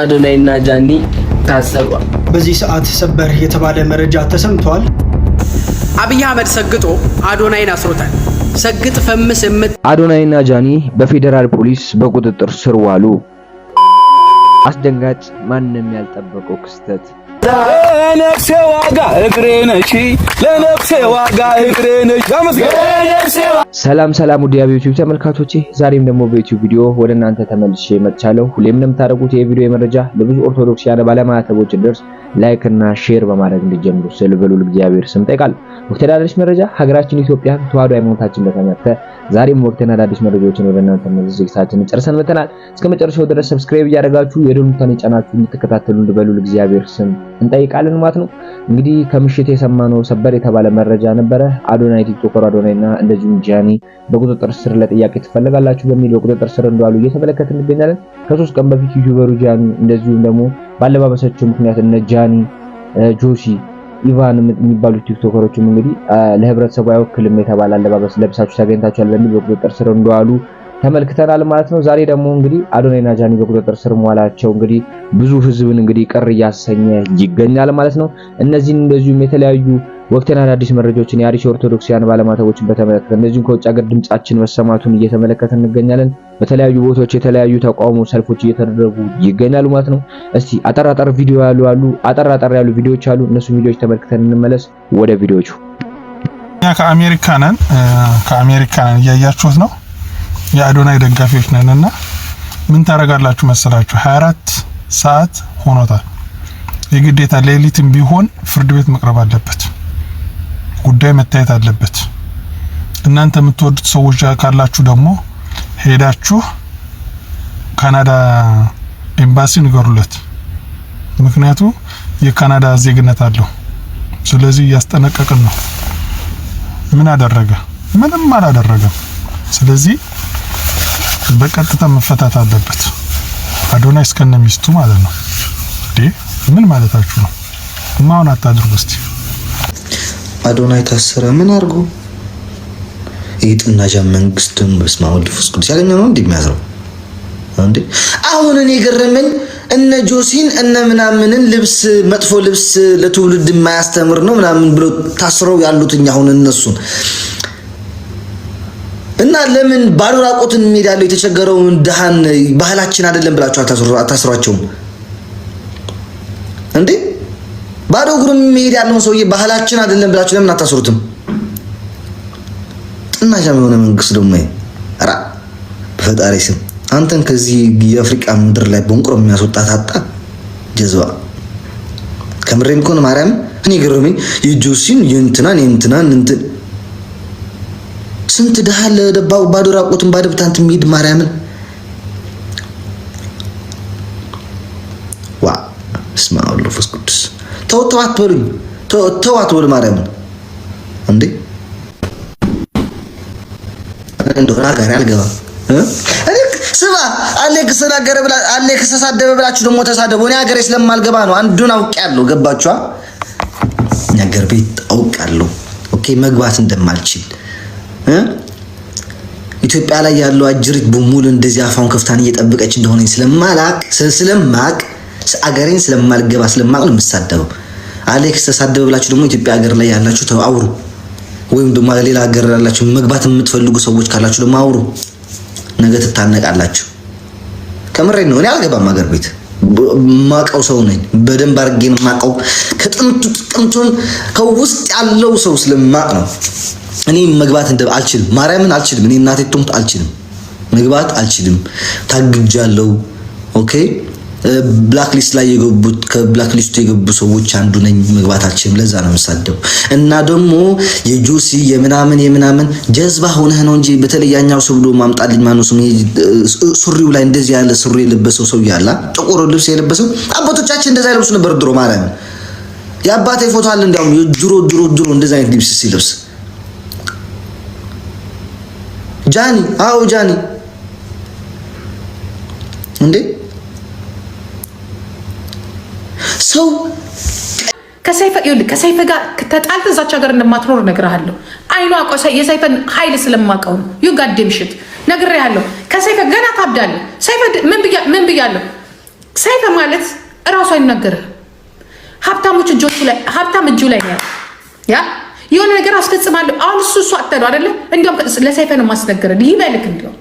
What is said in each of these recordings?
አዶናይና ጃኒ ታሰሩ። በዚህ ሰዓት ሰበር የተባለ መረጃ ተሰምቷል። አብይ አህመድ ሰግጦ አዶናይን አስሮታል። ሰግጥ ፈምስ የምት አዶናይና ጃኒ በፌዴራል ፖሊስ በቁጥጥር ስር ዋሉ። አስደንጋጭ፣ ማንም ያልጠበቀው ክስተት ለነፍሴ ዋጋ እግሬ ነሽ፣ ለነፍሴ ዋጋ እግሬ ነሽ። ሰላም ሰላም፣ ውድ የዩቲዩብ ተመልካቾቼ፣ ዛሬም ደግሞ በዩቲዩብ ቪዲዮ ወደ እናንተ ተመልሼ መጥቻለሁ። ሁሌም እንደምታደርጉት የቪዲዮ የመረጃ ለብዙ ኦርቶዶክሳውያን ባለማዕተቦች ድረስ ላይክ እና ሼር በማድረግ እንዲጀምሩ ስል በልዑል እግዚአብሔር ስም ጠይቃለሁ። ወደ መረጃ ሀገራችን ኢትዮጵያ ተዋሕዶ ሃይማኖታችን በተመተ ዛሬም ወቅትና አዳዲስ መረጃዎችን ወደ እናንተ መዘዝ ዝግጅታችንን ጨርሰን መተናል። እስከ መጨረሻው ድረስ ሰብስክራይብ እያደረጋችሁ የደሉታን ጫናችሁ እንድትከታተሉ እንድበሉል እግዚአብሔር ስም እንጠይቃለን ማለት ነው። እንግዲህ ከምሽት የሰማነው ሰበር የተባለ መረጃ ነበረ። አዶናይ ቲክቶከር አዶናይና እንደዚሁም ጃኒ በቁጥጥር ስር ለጥያቄ ትፈለጋላችሁ በሚል በቁጥጥር ስር እንደዋሉ እየተመለከትን እንገኛለን። ከሶስት ቀን በፊት ዩቲዩበሩ ጃኒ እንደዚሁም ደግሞ ባለባበሳቸው ምክንያት እነ ጃኒ ጆሲ ኢቫን የሚባሉ ቲክቶከሮችም እንግዲህ ለህብረተሰቡ አይወክልም የተባለ አለባበስ ለብሳችሁ ተገኝታችኋል በሚል በቁጥጥር ስር እንደዋሉ ተመልክተናል ማለት ነው። ዛሬ ደግሞ እንግዲህ አዶናይና ጃኒ በቁጥጥር ስር መዋላቸው እንግዲህ ብዙ ህዝብን እንግዲህ ቅር እያሰኘ ይገኛል ማለት ነው። እነዚህን እንደዚሁም የተለያዩ ወቅትን አዳዲስ መረጃዎችን የአሪሽ ኦርቶዶክሲያን ባለማተቦችን በተመለከተ እነዚህም ከውጭ ሀገር ድምጻችን መሰማቱን እየተመለከተ እንገኛለን። በተለያዩ ቦታዎች የተለያዩ ተቃውሞ ሰልፎች እየተደረጉ ይገኛሉ ማለት ነው። እስቲ አጠር አጠር ቪዲዮ ያሉ አሉ አጠር አጠር ያሉ ቪዲዮዎች አሉ። እነሱ ቪዲዮዎች ተመልክተን እንመለስ ወደ ቪዲዮቹ። እኛ ከአሜሪካ ነን፣ ከአሜሪካ ነን እያያችሁት ነው። የአዶናይ ደጋፊዎች ነን እና ምን ታደርጋላችሁ መሰላችሁ 24 ሰዓት ሆኖታል። የግዴታ ሌሊትም ቢሆን ፍርድ ቤት መቅረብ አለበት። ጉዳይ መታየት አለበት። እናንተ የምትወዱት ሰዎች ካላችሁ ደግሞ ሄዳችሁ ካናዳ ኤምባሲ ንገሩለት። ምክንያቱ የካናዳ ዜግነት አለው። ስለዚህ እያስጠነቀቅን ነው። ምን አደረገ? ምንም አላደረገም። ስለዚህ በቀጥታ መፈታት አለበት። አዶናይ እስከነ ሚስቱ ማለት ነው። ምን ማለታችሁ ነው? ማውን አታድርጉ እስቲ። አዶናይ ታሰረ። ምን አድርጎ የጥናጃ መንግስት ደሞ በስመ አብ ወልድ ቅዱስ ያለኛው ነው እንደሚያዝረው እንዴ። አሁን እኔ የገረመኝ እነ ጆሲን እነ ምናምንን ልብስ መጥፎ ልብስ ለትውልድ የማያስተምር ነው ምናምን ብሎ ታስረው ያሉትኝ አሁን እነሱን እና ለምን ባዶ ራቆትን እንሄዳለሁ የተቸገረውን ድሃን ባህላችን አይደለም ብላችሁ አታስሯቸውም እንዴ? ባዶ እግሩን የሚሄድ ያለውን ሰውዬ ባህላችን አይደለም ብላችሁ ለምን አታስሩትም? ጥናሻ የሆነ መንግስት ደግሞ ራ በፈጣሪ ስም አንተን ከዚህ የአፍሪቃ ምድር ላይ በንቁሮ የሚያስወጣ ታጣ ጀዝባ ከምሬም ኮን ማርያም እኔ ገረመኝ። የጆሲን የእንትናን የእንትናን እንትን ስንት ድሃ ለደባው ባዶ ራቁትን ባደብታንት የሚሄድ ማርያምን ዋ ስማ ሁሉ ተው ተው አትበሉኝ፣ ተው አትበሉ ማርያምን እንዴ እንደሆነ ጋር አልገባም። ብላ አሌ ከተሳደበ ብላችሁ ደግሞ ተሳደቡ። እኔ ሀገሬ ስለማልገባ ነው። አንዱን አውቄያለሁ። ገባችኋ? ነገር ቤት አውቃለሁ። ኦኬ መግባት እንደማልችል ኢትዮጵያ ላይ ያለው አጅሪት በሙሉ እንደዚህ አፋውን ከፍታን እየጠበቀች እንደሆነ ስለማላቅ ስለማቅ አገሬን ስለማልገባ ስለማቅ ነው የምሳደበው። አሌክስ ተሳደበ ብላችሁ ደግሞ ኢትዮጵያ ሀገር ላይ ያላችሁ አውሩ፣ ወይም ደግሞ ሌላ ሀገር ያላችሁ መግባት የምትፈልጉ ሰዎች ካላችሁ ደግሞ አውሩ። ነገ ትታነቃላችሁ። ከምሬ ነው። እኔ አልገባም ሀገር ቤት ማቀው ሰው ነኝ። በደንብ አድርጌን ማቀው ከጥንቱ ጥቅምቱን ከውስጥ ያለው ሰው ስለማቅ ነው። እኔ መግባት እንደ አልችልም፣ ማርያምን አልችልም። እኔ እናቴ ትሙት አልችልም፣ መግባት አልችልም። ታግጃለሁ። ኦኬ ብላክሊስት ላይ የገቡት ከብላክ ሊስቱ የገቡ ሰዎች አንዱ ነኝ። መግባታችን ለዛ ነው የምሳደቡ። እና ደግሞ የጁሲ የምናምን የምናምን ጀዝባ ሆነህ ነው እንጂ በተለያኛው ሰው ብሎ ማምጣልኝ ማነው ስም ሱሪው ላይ እንደዚህ ያለ ሱሪ የለበሰው ሰው ያላ ጥቁር ልብስ የለበሰው አባቶቻችን እንደዛ ይለብሱ ነበር ድሮ። ማለት የአባቴ ፎቶ አለ እንዲያውም የድሮ ድሮ ድሮ እንደዛ አይነት ልብስ ሲለብስ ጃኒ። አዎ ጃኒ እንዴ ሰው ከሰይፈ ከሰይፈ ጋር ተጣልተ እዛች ሀገር እንደማትኖር እነግርሃለሁ። አይኗ የሰይፈን ኃይል ስለማውቀው ነው። ዩ ጋዴም ሽት ነግሬሃለሁ። ከሰይፈ ገና ታብዳለህ። ሰይፈ ምን ብያለሁ? ሰይፈ ማለት እራሱ አይናገርህ። ሀብታሞች እጆቹ ላይ ሀብታም እጁ ላይ ነው ያ የሆነ ነገር አስፈጽማለሁ። አሁን እሱ እሱ አተነው አይደለ? እንዲያውም ለሰይፈን ነው ማስነገረ ሊበልክ እንዲያውም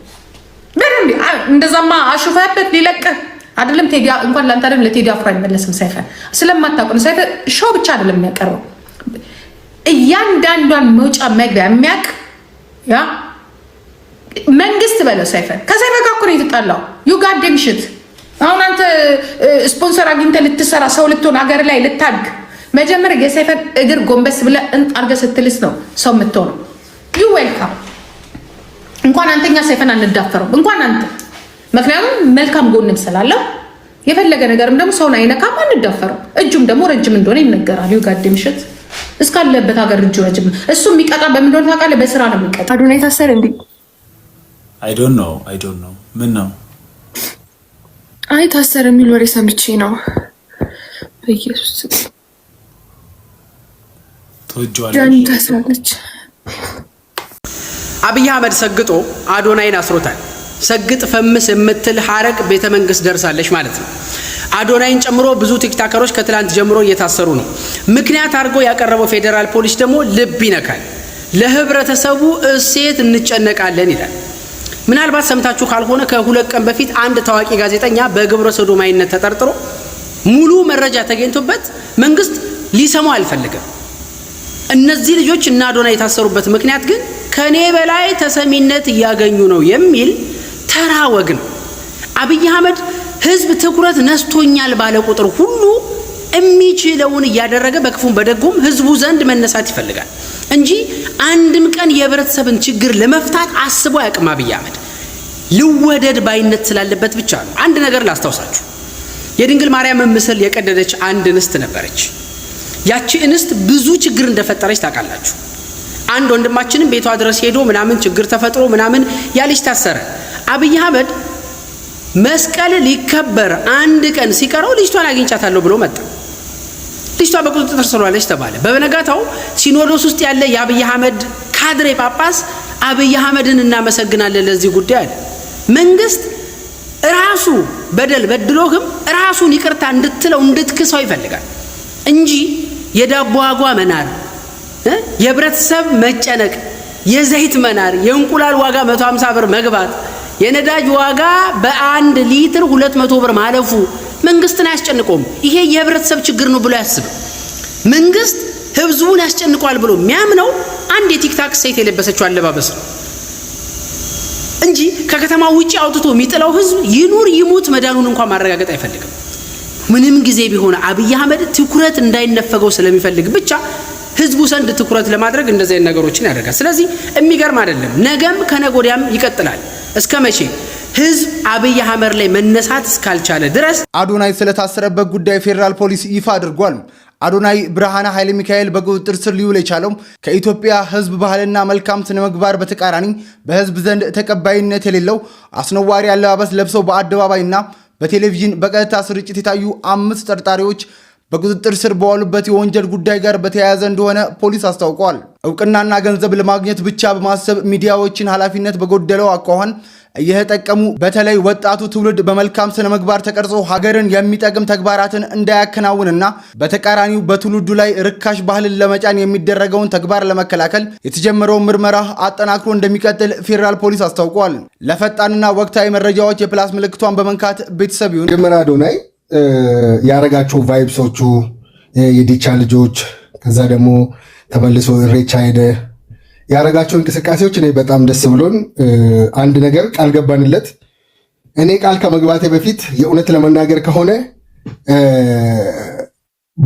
በደንብ እንደዛማ አሹፈበት ሊለቅህ አይደለም ቴዲ እንኳን ለአንተ አይደለም ለቴዲ አፍሮ አይመለስም። ሰይፈ ስለማታውቅ ነው። ሰይፈ ሾው ብቻ አይደለም የሚያቀርበው እያንዳንዷን መውጫ መግቢያ የሚያውቅ ያ መንግስት በለው ሰይፈ ከሰይፈ ጋር እኮ ነው የተጣላው። ዩ ጋዴም ሽት አሁን አንተ ስፖንሰር አግኝተህ ልትሰራ ሰው ልትሆን ሀገር ላይ ልታድግ መጀመሪያ የሰይፈን እግር ጎንበስ ብለህ አድርገህ ስትልስ ነው ሰው የምትሆነው። ዩ ዌልካም። እንኳን አንተኛ ሰይፈን አንዳፈረው እንኳን አንተ ምክንያቱም መልካም ጎንም ስላለው የፈለገ ነገርም ደግሞ ሰውን አይነካም፣ አንዳፈርም። እጁም ደግሞ ረጅም እንደሆነ ይነገራል። ዩጋድ ምሽት እስካለበት ሀገር እጁ ረጅም። እሱ የሚቀጣ በምን እንደሆነ ታውቃለህ? በስራ ነው የሚቀጣ። አዶናይ የታሰረ እንዴ? አይ ዶንት ኖ አይ ዶንት ኖ። ምን ነው አይ ታሰረ የሚል ወሬ ሰምቼ ነው። በኢየሱስ ተወጇለች ታስራለች። አብይ አህመድ ሰግጦ አዶናይን አስሮታል። ሰግጥ ፈምስ የምትል ሀረግ ቤተ መንግስት ደርሳለች ማለት ነው። አዶናይን ጨምሮ ብዙ ቲክታከሮች ከትላንት ጀምሮ እየታሰሩ ነው። ምክንያት አድርጎ ያቀረበው ፌዴራል ፖሊስ ደግሞ ልብ ይነካል። ለህብረተሰቡ እሴት እንጨነቃለን ይላል። ምናልባት ሰምታችሁ ካልሆነ ከሁለት ቀን በፊት አንድ ታዋቂ ጋዜጠኛ በግብረ ሰዶማዊነት ተጠርጥሮ ሙሉ መረጃ ተገኝቶበት መንግስት ሊሰማው አልፈልግም። እነዚህ ልጆች እና አዶና የታሰሩበት ምክንያት ግን ከኔ በላይ ተሰሚነት እያገኙ ነው የሚል ተራ ወግ ነው። አብይ አህመድ ህዝብ ትኩረት ነስቶኛል ባለ ቁጥር ሁሉ የሚችለውን እያደረገ በክፉም በደጉም ህዝቡ ዘንድ መነሳት ይፈልጋል እንጂ አንድም ቀን የህብረተሰብን ችግር ለመፍታት አስቦ አያውቅም። አብይ አህመድ ልወደድ ባይነት ስላለበት ብቻ ነው። አንድ ነገር ላስታውሳችሁ። የድንግል ማርያምን ምስል የቀደደች አንድ እንስት ነበረች። ያቺ እንስት ብዙ ችግር እንደፈጠረች ታውቃላችሁ። አንድ ወንድማችንም ቤቷ ድረስ ሄዶ ምናምን ችግር ተፈጥሮ ምናምን ያለች ታሰረ። አብይ አህመድ መስቀል ሊከበር አንድ ቀን ሲቀረው ልጅቷን አግኝቻታለሁ ብሎ መጣ። ልጅቷ በቁጥጥር ስር ዋለች ተባለ። በነጋታው ሲኖዶስ ውስጥ ያለ የአብይ አህመድ ካድሬ ጳጳስ አብይ አህመድን እናመሰግናለን ለዚህ ጉዳይ አለ። መንግስት ራሱ በደል በድሎህም ራሱን ይቅርታ እንድትለው እንድትክሰው ይፈልጋል እንጂ የዳቦ ዋጋ መናር፣ የህብረተሰብ መጨነቅ፣ የዘይት መናር፣ የእንቁላል ዋጋ 150 ብር መግባት የነዳጅ ዋጋ በአንድ ሊትር 200 ብር ማለፉ መንግስትን አያስጨንቀውም። ይሄ የህብረተሰብ ችግር ነው ብሎ ያስብ መንግስት ህዝቡን ያስጨንቋል ብሎ የሚያምነው አንድ የቲክታክ ሴት የለበሰችው አለባበስ ነው እንጂ ከከተማ ውጪ አውጥቶ የሚጥለው ህዝብ ይኑር ይሙት መዳኑን እንኳን ማረጋገጥ አይፈልግም። ምንም ጊዜ ቢሆን አብይ አህመድ ትኩረት እንዳይነፈገው ስለሚፈልግ ብቻ ህዝቡ ዘንድ ትኩረት ለማድረግ እንደዚህ ነገሮችን ያደርጋል። ስለዚህ የሚገርም አይደለም። ነገም ከነገ ወዲያም ይቀጥላል። እስከ መቼ ህዝብ አብይ አህመድ ላይ መነሳት እስካልቻለ ድረስ አዶናይ ስለታሰረበት ጉዳይ ፌዴራል ፖሊስ ይፋ አድርጓል። አዶናይ ብርሃነ ኃይለ ሚካኤል በቁጥጥር ስር ሊውል የቻለው ከኢትዮጵያ ህዝብ ባህልና መልካም ስነ ምግባር በተቃራኒ በህዝብ ዘንድ ተቀባይነት የሌለው አስነዋሪ አለባበስ ለብሰው በአደባባይና በቴሌቪዥን በቀጥታ ስርጭት የታዩ አምስት ጠርጣሪዎች በቁጥጥር ስር በዋሉበት የወንጀል ጉዳይ ጋር በተያያዘ እንደሆነ ፖሊስ አስታውቋል። እውቅናና ገንዘብ ለማግኘት ብቻ በማሰብ ሚዲያዎችን ኃላፊነት በጎደለው አኳኋን እየተጠቀሙ በተለይ ወጣቱ ትውልድ በመልካም ስነ ምግባር ተቀርጾ ሀገርን የሚጠቅም ተግባራትን እንዳያከናውንና በተቃራኒው በትውልዱ ላይ ርካሽ ባህልን ለመጫን የሚደረገውን ተግባር ለመከላከል የተጀመረውን ምርመራ አጠናክሮ እንደሚቀጥል ፌዴራል ፖሊስ አስታውቋል። ለፈጣንና ወቅታዊ መረጃዎች የፕላስ ምልክቷን በመንካት ቤተሰብ ይሁን ያረጋችሁ ቫይብሶቹ የዲቻ ልጆች ከዛ ደግሞ ተመልሶ እሬቻ ሄደ ያረጋቸው እንቅስቃሴዎች እኔ በጣም ደስ ብሎን አንድ ነገር ቃል ገባንለት። እኔ ቃል ከመግባቴ በፊት የእውነት ለመናገር ከሆነ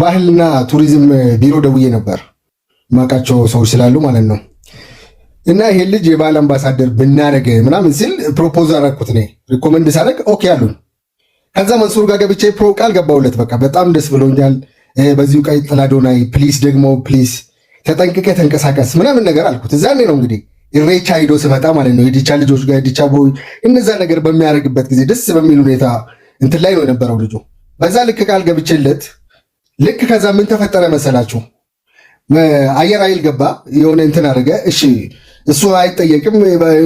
ባህልና ቱሪዝም ቢሮ ደውዬ ነበር ማውቃቸው ሰዎች ስላሉ ማለት ነው። እና ይሄን ልጅ የባህል አምባሳደር ብናደርግ ምናምን ሲል ፕሮፖዝ አደረኩት። እኔ ሪኮመንድ ሳደርግ ኦኬ አሉኝ። ከዛ መንሱር ጋር ገብቼ ፕሮ ቃል ገባውለት በቃ በጣም ደስ ብሎኛል። በዚሁ ቀይ ጥላዶናይ ፕሊስ፣ ደግሞ ፕሊስ ተጠንቅቀ ተንቀሳቀስ ምናምን ነገር አልኩት። እዛኔ ነው እንግዲህ ኢሬቻ ሂዶ ስመጣ ማለት ነው የዲቻ ልጆች ጋር የዲቻ ብሮ እነዛ ነገር በሚያደርግበት ጊዜ ደስ በሚል ሁኔታ እንትን ላይ ነው የነበረው ልጁ። በዛ ልክ ቃል ገብቼለት ልክ ከዛ ምን ተፈጠረ መሰላችሁ? አየር አይል ገባ የሆነ እንትን አድርገ። እሺ እሱ አይጠየቅም፣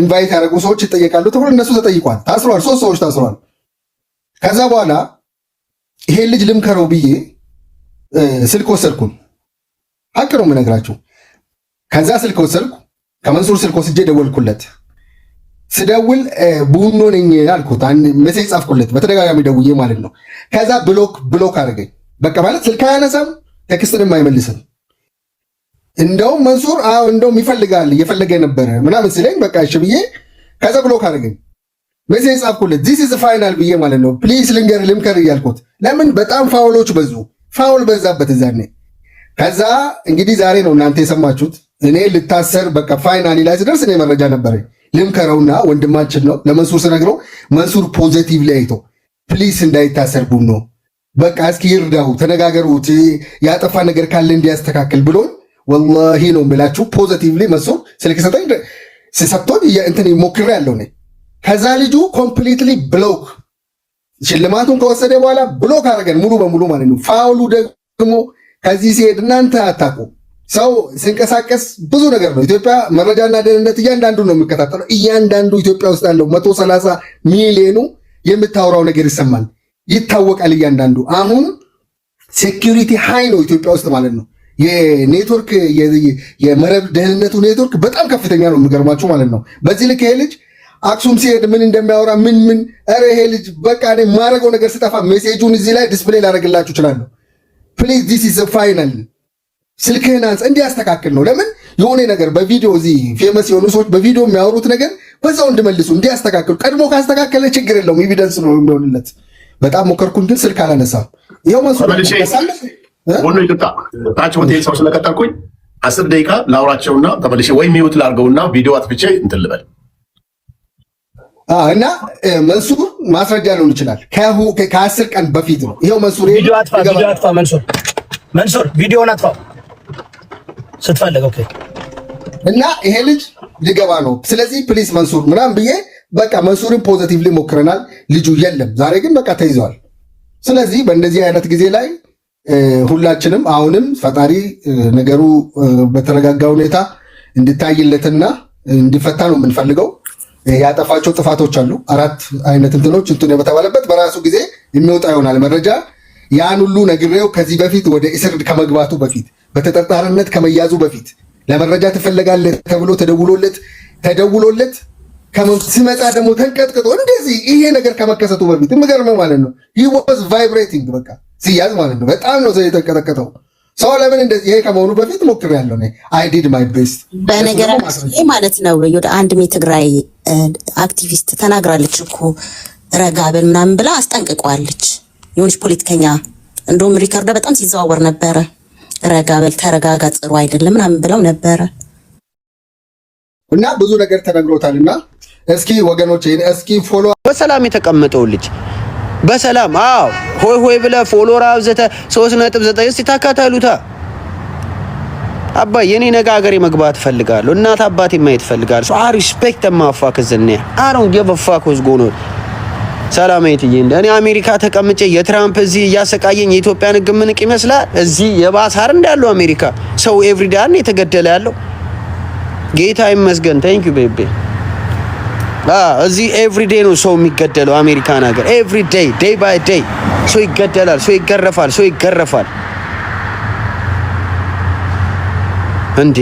ኢንቫይት ያደረጉ ሰዎች ይጠየቃሉ ተብሎ እነሱ ተጠይቋል። ታስሯል፣ ሶስት ሰዎች ታስሯል። ከዛ በኋላ ይሄን ልጅ ልምከረው ብዬ ስልክ ወሰድኩን። ሀቅ ነው የምነግራችሁ። ከዛ ስልክ ወሰድኩ፣ ከመንሱር ስልክ ወስጄ ደወልኩለት። ስደውል ቡኖ ነኝ አልኩት። አንድ ሜሴጅ ጻፍኩለት በተደጋጋሚ ደውዬ ማለት ነው። ከዛ ብሎክ ብሎክ አድርገኝ በቃ ማለት ስልክ አያነሳም፣ ቴክስትንም አይመልስም። እንደውም መንሱር እንደውም ይፈልጋል እየፈለገ ነበረ ምናምን ሲለኝ በቃ እሺ ብዬ ከዛ ብሎክ አድርገኝ በዚህ የጻፍኩለት ዚስ ኢዝ ፋይናል ብዬ ማለት ነው። ፕሊስ ልንገር ልምከር እያልኩት ለምን በጣም ፋውሎች በዙ፣ ፋውል በዛበት እዛኔ። ከዛ እንግዲህ ዛሬ ነው እናንተ የሰማችሁት። እኔ ልታሰር በቃ ፋይናሊ ላይ ስደርስ እኔ መረጃ ነበረ ልምከረውና ወንድማችን ነው ለመንሱር ስነግረው መንሱር ፖዘቲቭ ላይ አይቶ ፕሊስ እንዳይታሰር ቡኖ በቃ እስኪ ይርዳሁ ተነጋገሩት፣ ያጠፋ ነገር ካለ እንዲያስተካክል ብሎ ወላሂ ነው የምላችሁ ፖዘቲቭ ላይ መንሱር ስልክ ሰጠኝ እንትን ሞክሬ ያለው ነኝ ከዛ ልጁ ኮምፕሊትሊ ብሎክ ሽልማቱን ከወሰደ በኋላ ብሎክ አድርገን ሙሉ በሙሉ ማለት ነው። ፋውሉ ደግሞ ከዚህ ሲሄድ እናንተ አታቁ ሰው ሲንቀሳቀስ ብዙ ነገር ነው። ኢትዮጵያ መረጃና ደህንነት እያንዳንዱ ነው የሚከታተለው። እያንዳንዱ ኢትዮጵያ ውስጥ ያለው መቶ ሰላሳ ሚሊዮኑ የምታወራው ነገር ይሰማል፣ ይታወቃል። እያንዳንዱ አሁን ሴኪሪቲ ሀይ ነው ኢትዮጵያ ውስጥ ማለት ነው። የኔትወርክ የመረብ ደህንነቱ ኔትወርክ በጣም ከፍተኛ ነው የሚገርማችሁ ማለት ነው። በዚህ ልክ ይሄ ልጅ አክሱም ሲሄድ ምን እንደሚያወራ ምን ምን ኧረ ይሄ ልጅ በቃ እኔ የማደርገው ነገር ስጠፋ ሜሴጁን እዚህ ላይ ዲስፕሌይ ላደርግላችሁ እችላለሁ። ፕሊዝ ዲስ ኢዝ ፋይናል። ስልክህን አንስ እንዲያስተካክል ነው። ለምን የሆነ ነገር በቪዲዮ እዚህ ፌመስ የሆኑ ሰዎች በቪዲዮ የሚያወሩት ነገር በዛው እንድመልሱ እንዲያስተካክሉ። ቀድሞ ካስተካከለ ችግር የለውም ኤቪደንስ ነው የሚሆንለት። በጣም ሞከርኩኝ፣ ግን ስልክ አላነሳም። ይኸው መንሱ ሆኖ ይቅጣ ታች ሆቴል ሰው ስለቀጠርኩኝ አስር ደቂቃ ላውራቸውና ተመልሼ ወይም ሚዩት ላርገውና ቪዲዮ አጥፍቼ እንትን ልበል እና መንሱር ማስረጃ ሊሆን ይችላል። ከአስር ቀን በፊት ነው። ይኸው መንሱር ቪዲዮ አጥፋ፣ ቪዲዮ አጥፋ። መንሱር መንሱር ቪዲዮውን አጥፋ ስትፈልግ። ኦኬ። እና ይሄ ልጅ ሊገባ ነው። ስለዚህ ፕሊስ መንሱር ምናምን ብዬ በቃ መንሱርን ፖዘቲቭሊ ሞክረናል። ልጁ የለም። ዛሬ ግን በቃ ተይዘዋል። ስለዚህ በእንደዚህ አይነት ጊዜ ላይ ሁላችንም አሁንም ፈጣሪ ነገሩ በተረጋጋ ሁኔታ እንድታይለትና እንዲፈታ ነው የምንፈልገው። ያጠፋቸው ጥፋቶች አሉ። አራት አይነት እንትኖች እንትን በተባለበት በራሱ ጊዜ የሚወጣ ይሆናል መረጃ። ያን ሁሉ ነግሬው ከዚህ በፊት ወደ እስር ከመግባቱ በፊት በተጠርጣሪነት ከመያዙ በፊት ለመረጃ ትፈለጋለህ ተብሎ ተደውሎለት ተደውሎለት ሲመጣ ደግሞ ተንቀጥቅጦ እንደዚህ ይሄ ነገር ከመከሰቱ በፊት የምገርመው ማለት ነው ሂ ዋዝ ቫይብሬቲንግ በቃ ሲያዝ ማለት ነው። በጣም ነው የተንቀጠቀጠው። ሰው ለምን እንደዚህ ይሄ ከመሆኑ በፊት ሞክር ያለው እኔ አይ ዲድ ማይ ቤስት። በነገራችን ላይ ማለት ነው ወደ አንድም የትግራይ አክቲቪስት ተናግራለች እኮ ረጋብን ምናምን ብላ አስጠንቅቋለች። የሆነች ፖለቲከኛ እንደውም ሪከርዳ በጣም ሲዘዋወር ነበረ። ረጋበል ተረጋጋ፣ ጥሩ አይደለም ምናምን ብለው ነበረ እና ብዙ ነገር ተነግሮታል። እና እስኪ ወገኖች እስኪ ፎሎ በሰላም የተቀመጠው ልጅ በሰላም አዎ፣ ሆይ ሆይ ብለ ፎሎራ ዘተ 3.9 እስቲ ታካታሉታ አባይ የኔ ነገ ሀገሬ መግባት ፈልጋለሁ። እናት አባቴ ማየት ፈልጋለሁ። ሶ ሪስፔክት ማፋክ ዘነ አይ ዶንት ጊቭ አ ፋክ ዊዝ ጎን ኦን ሰላም እየትዬ እኔ አሜሪካ ተቀምጬ የትራምፕ እዚህ እያሰቃየኝ የኢትዮጵያን ህግ ምንቅ ይመስላል። እዚህ የባሰ አይደል እንዳለው አሜሪካ ሰው ኤቭሪዳይ የተገደለ ያለው ጌታ ይመስገን። ታንክ ዩ ቤቢ እዚህ ኤቭሪዴ ነው ሰው የሚገደለው አሜሪካን ሀገር ኤቭሪዴ ዴይ ባይ ዴይ ሰው ይገደላል፣ ሰው ይገረፋል፣ ሰው ይገረፋል። እንዴ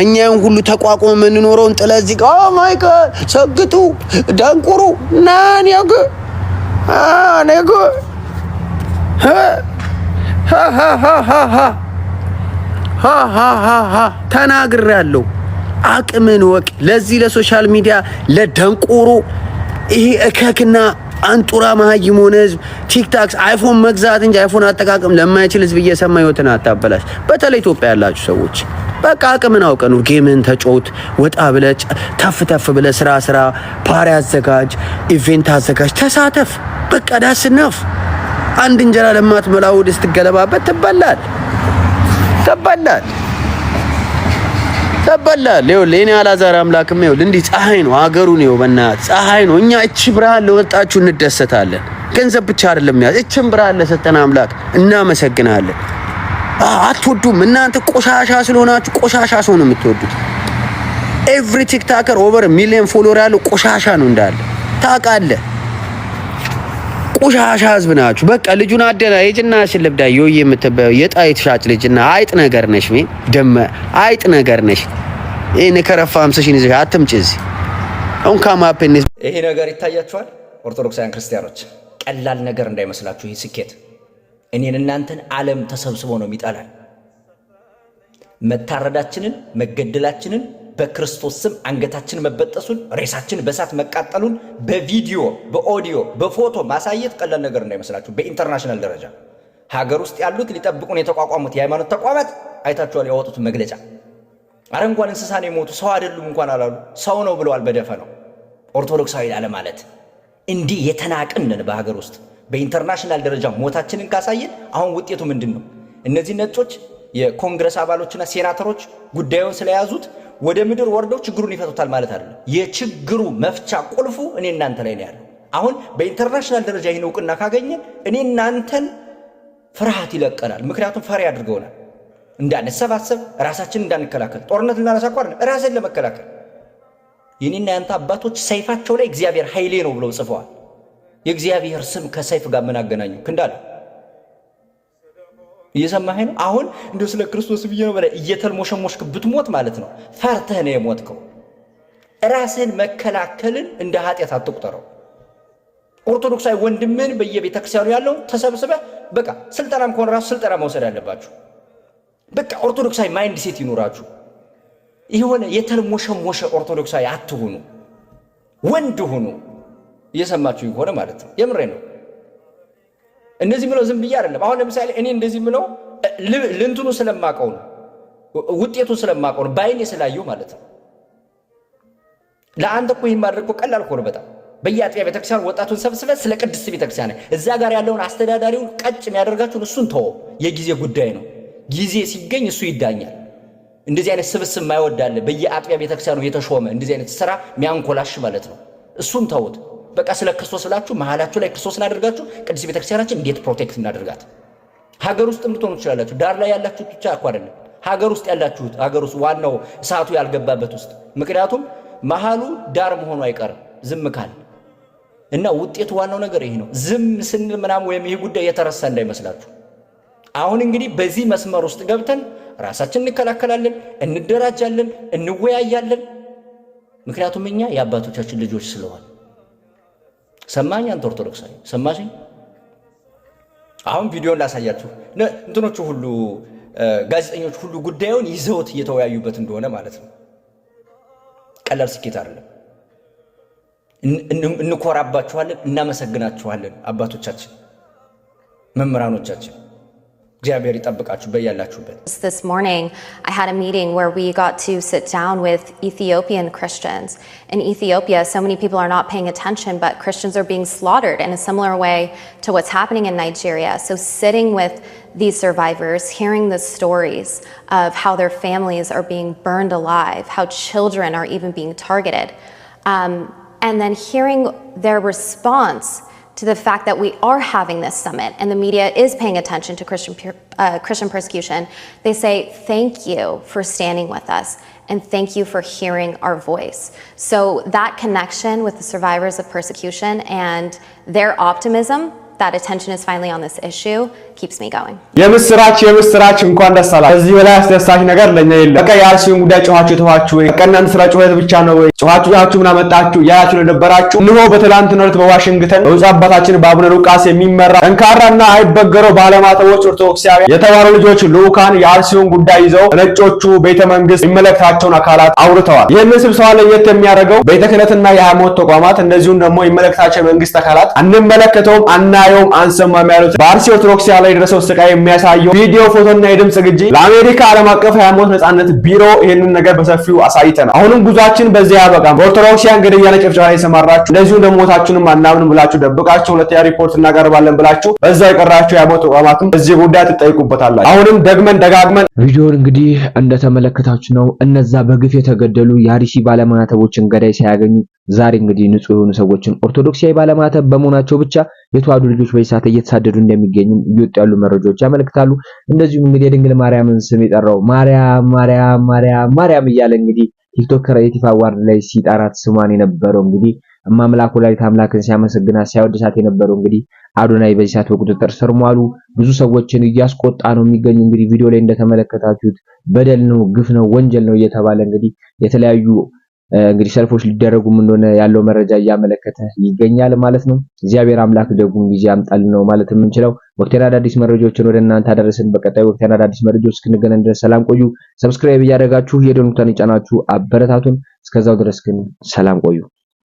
እኛን ሁሉ ተቋቁሞ የምንኖረውን እንጥለ እዚህ ማይ ሰግቱ ደንቁሩ ናን ያገ አነገ አቅምን ወቅ። ለዚህ ለሶሻል ሚዲያ ለደንቆሮ ይሄ እከክና አንጡራ መሀይም ሆነ ህዝብ ቲክታክስ አይፎን መግዛት እንጂ አይፎን አጠቃቀም ለማይችል ህዝብ እየሰማ ህይወትን አታበላሽ። በተለይ ኢትዮጵያ ያላችሁ ሰዎች በቃ አቅምን አውቀ ነው። ጌምን ተጫውት፣ ወጣ ብለ ተፍ ተፍ ብለ ስራ ስራ፣ ፓሪ አዘጋጅ፣ ኢቬንት አዘጋጅ፣ ተሳተፍ። በቃ ዳስናፍ አንድ እንጀራ ለማትመላው ድስት ገለባበት ትበላል ትበላል ተበላል። ይኸውልህ የእኔ አላዛር አምላክም ይኸውልህ እንዲህ ፀሐይ ነው ሀገሩን ይኸው በእናትህ ፀሐይ ነው። እኛ እቺ ብርሃን ለወጣችሁ እንደሰታለን። ገንዘብ ብቻ አይደለም ያዝ እቺን ብርሃን ለሰጠን አምላክ እናመሰግናለን። አትወዱም እናንተ ቆሻሻ ስለሆናችሁ ቆሻሻ ሰው ነው የምትወዱት። ኤቭሪ ቲክታከር ኦቨር ሚሊዮን ፎሎወር ያለው ቆሻሻ ነው እንዳለ ታውቃለህ። ቆሻሻ ህዝብ ናችሁ። በቃ ልጁን አደራ የጅና ሽልብዳ ዮዬ የምትባየው የጣይት ሻጭ ልጅና አይጥ ነገር ነሽ። ሜ ደመ አይጥ ነገር ነሽ። ይህን ከረፋ አምሰሽን ይዘሽ አትምጪ እዚህ አሁን ካማፔን። ይሄ ነገር ይታያችኋል ኦርቶዶክሳውያን ክርስቲያኖች፣ ቀላል ነገር እንዳይመስላችሁ። ይህ ስኬት እኔን እናንተን ዓለም ተሰብስቦ ነው የሚጠላል። መታረዳችንን መገደላችንን በክርስቶስ ስም አንገታችን መበጠሱን፣ ሬሳችን በእሳት መቃጠሉን በቪዲዮ በኦዲዮ በፎቶ ማሳየት ቀላል ነገር እንዳይመስላችሁ። በኢንተርናሽናል ደረጃ ሀገር ውስጥ ያሉት ሊጠብቁን የተቋቋሙት የሃይማኖት ተቋማት አይታችኋል ያወጡት መግለጫ። አረ እንኳን እንስሳ ነው የሞቱ ሰው አይደሉም እንኳን አላሉ፣ ሰው ነው ብለዋል። በደፈ ነው ኦርቶዶክሳዊ ላለማለት እንዲህ የተናቅንን በሀገር ውስጥ በኢንተርናሽናል ደረጃ ሞታችንን ካሳየን አሁን ውጤቱ ምንድን ነው? እነዚህ ነጮች የኮንግረስ አባሎችና ሴናተሮች ጉዳዩን ስለያዙት ወደ ምድር ወርደው ችግሩን ይፈቱታል ማለት አይደለም። የችግሩ መፍቻ ቁልፉ እኔ እናንተ ላይ ነው ያለው። አሁን በኢንተርናሽናል ደረጃ ይህን እውቅና ካገኘን እኔ እናንተን ፍርሃት ይለቀናል። ምክንያቱም ፈሪ አድርገውናል እንዳንሰባሰብ ራሳችን እንዳንከላከል ጦርነት ልናነሳ እኮ ራስን ለመከላከል የኔና ያንተ አባቶች ሰይፋቸው ላይ እግዚአብሔር ኃይሌ ነው ብለው ጽፈዋል። የእግዚአብሔር ስም ከሰይፍ ጋር ምን አገናኘው? ክንዳለ እየሰማህ ነው። አሁን እንደ ስለ ክርስቶስ ብዬ ነው በላይ እየተልሞሸሞሽክ ብትሞት ማለት ነው ፈርተህ ነው የሞትከው። ራስህን መከላከልን እንደ ኃጢአት አትቁጠረው። ኦርቶዶክሳዊ ወንድምን በየቤተክርስቲያኑ ያለው ተሰብስበህ በቃ ስልጠናም ከሆነ ራሱ ስልጠና መውሰድ አለባችሁ። በቃ ኦርቶዶክሳዊ ማይንድ ሴት ይኖራችሁ። የሆነ የተልሞሸሞሸ ኦርቶዶክሳዊ አትሁኑ፣ ወንድ ሁኑ። እየሰማችሁ ከሆነ ማለት ነው የምሬ ነው። እንደዚህ ብለው ዝም ብዬ አይደለም። አሁን ለምሳሌ እኔ እንደዚህ ብለው ልንትኑ ስለማቀው ነው ውጤቱ ስለማቀው ነው በአይኔ ስላየው ማለት ነው። ለአንተ እኮ ይህን ማድረግ እኮ ቀላል እኮ ነው በጣም በየአጥቢያ ቤተክርስቲያን ወጣቱን ሰብስበ ስለ ቅድስት ቤተክርስቲያን እዛ ጋር ያለውን አስተዳዳሪውን ቀጭ የሚያደርጋችሁን እሱን ተወ። የጊዜ ጉዳይ ነው። ጊዜ ሲገኝ እሱ ይዳኛል። እንደዚህ አይነት ስብስብ ማይወዳለ በየአጥቢያ ቤተክርስቲያኑ የተሾመ እንደዚህ አይነት ስራ ሚያንኮላሽ ማለት ነው። እሱን ተውት። በቃ ስለ ክርስቶስ ብላችሁ መሀላችሁ ላይ ክርስቶስን አድርጋችሁ ቅዱስ ቤተክርስቲያናችን እንዴት ፕሮቴክት እናደርጋት። ሀገር ውስጥ ልትሆኑ ትችላላችሁ። ዳር ላይ ያላችሁት ብቻ እኮ አይደለም፣ ሀገር ውስጥ ያላችሁት፣ ሀገር ውስጥ ዋናው እሳቱ ያልገባበት ውስጥ። ምክንያቱም መሀሉ ዳር መሆኑ አይቀርም ዝም ካል እና ውጤቱ ዋናው ነገር ይሄ ነው። ዝም ስንል ምናምን ወይም ይህ ጉዳይ የተረሳ እንዳይመስላችሁ። አሁን እንግዲህ በዚህ መስመር ውስጥ ገብተን ራሳችን እንከላከላለን፣ እንደራጃለን፣ እንወያያለን። ምክንያቱም እኛ የአባቶቻችን ልጆች ስለሆን ሰማኝ። አንተ ኦርቶዶክሳዊ ሰማሽኝ። አሁን ቪዲዮን ላሳያችሁ። እንትኖቹ ሁሉ ጋዜጠኞች ሁሉ ጉዳዩን ይዘውት እየተወያዩበት እንደሆነ ማለት ነው። ቀላል ስኬት አይደለም። እንኮራባችኋለን፣ እናመሰግናችኋለን አባቶቻችን፣ መምህራኖቻችን እግዚአብሔር ይጠብቃችሁ በያላችሁበት። This morning I had a meeting where we got to sit down with Ethiopian Christians. In Ethiopia, so many people are not paying attention, but Christians are being slaughtered in a similar way to what's happening in Nigeria. So sitting with these survivors, hearing the stories of how their families are being burned alive, how children are even being targeted, um, and then hearing their response to the fact that we are having this summit and the media is paying attention to Christian, uh, Christian persecution, they say, Thank you for standing with us and thank you for hearing our voice. So that connection with the survivors of persecution and their optimism that attention is finally on this issue keeps me going የምስራች የምስራች እንኳን ደስ አላችሁ። ከዚህ በላይ አስደሳች ነገር ለኛ የለም። በቃ የአርሲውን ጉዳይ ጮኻችሁ ተዋችሁ ወይ? በቃ ስራ ጩኸት ብቻ ነው ወይ? ጮኻችሁ ጮኻችሁ ምን አመጣችሁ? ያያችሁ ለነበራችሁ እንሆ በትላንትናው ዕለት በዋሽንግተን ብፁዕ አባታችን በአቡነ ሉቃስ የሚመራ ጠንካራና አይበገረው ባለማተቦች ኦርቶዶክሳውያን የተባሉ ልጆች ልዑካን የአርሲውን ጉዳይ ይዘው ነጮቹ ቤተ መንግስት የሚመለከታቸውን አካላት አውርተዋል። ይህንን ስብሰባ ለየት የሚያደርገው ቤተ ክህነትና የሃይማኖት ተቋማት እንደዚሁም ደግሞ የሚመለከታቸው የመንግስት አካላት አንመለከተውም አና ራእዮም አንሰማም ያሉት በአርሲ ኦርቶዶክሲያ ላይ የደረሰው ስቃይ የሚያሳየው ቪዲዮ፣ ፎቶና የድምፅ ዝግጂ ለአሜሪካ ዓለም አቀፍ የሃይማኖት ነጻነት ቢሮ ይህንን ነገር በሰፊው አሳይተናል። አሁንም ጉዟችን በዚህ ያበቃም በኦርቶዶክሲያን ግድያና ጭፍጨፋ ላይ የሰማራችሁ እንደዚሁም ደግሞ ሞታችሁንም አናምንም ብላችሁ ደብቃችሁ ሁለተኛ ሪፖርት እናቀርባለን ብላችሁ በዛ የቀራችሁ የሃይማኖት ተቋማትም በዚህ ጉዳይ ትጠይቁበታላችሁ። አሁንም ደግመን ደጋግመን ቪዲዮን እንግዲህ እንደተመለከታችሁ ነው እነዛ በግፍ የተገደሉ የአርሲ ባለማናተቦችን ገዳይ ሳያገኙ ዛሬ እንግዲህ ንጹህ የሆኑ ሰዎችን ኦርቶዶክሳዊ ባለማተብ በመሆናቸው ብቻ የተዋዱ ልጆች በዚህ ሰዓት እየተሳደዱ እንደሚገኙ እየወጡ ያሉ መረጃዎች ያመለክታሉ። እንደዚሁም እንግዲህ የድንግል ማርያምን ስም የጠራው ማርያም ማርያም ማርያም ማርያም እያለ እንግዲህ ቲክቶክ ክሬቲቭ አዋርድ ላይ ሲጠራት ስሟን የነበረው እንግዲህ እማምላክ ወላዲተ አምላክን ሲያመሰግናት ሲያወድሳት የነበረው እንግዲህ አዶናይ በዚህ ሰዓት በቁጥጥር ስር ሟሉ። ብዙ ሰዎችን እያስቆጣ ነው የሚገኙ እንግዲህ ቪዲዮ ላይ እንደተመለከታችሁት በደል ነው፣ ግፍ ነው፣ ወንጀል ነው እየተባለ እንግዲህ የተለያዩ እንግዲህ ሰልፎች ሊደረጉም እንደሆነ ያለው መረጃ እያመለከተ ይገኛል ማለት ነው። እግዚአብሔር አምላክ ደጉም ጊዜ ያምጣልን ነው ማለት የምንችለው። ወቅቴን አዳዲስ መረጃዎችን ወደ እናንተ አደረስን። በቀጣይ ወቅቴን አዳዲስ መረጃዎች እስክንገናኝ ድረስ ሰላም ቆዩ። ሰብስክራይብ እያደረጋችሁ የደኑታን ምልክቱን አበረታቱን። እስከዛው ድረስ ግን ሰላም ቆዩ።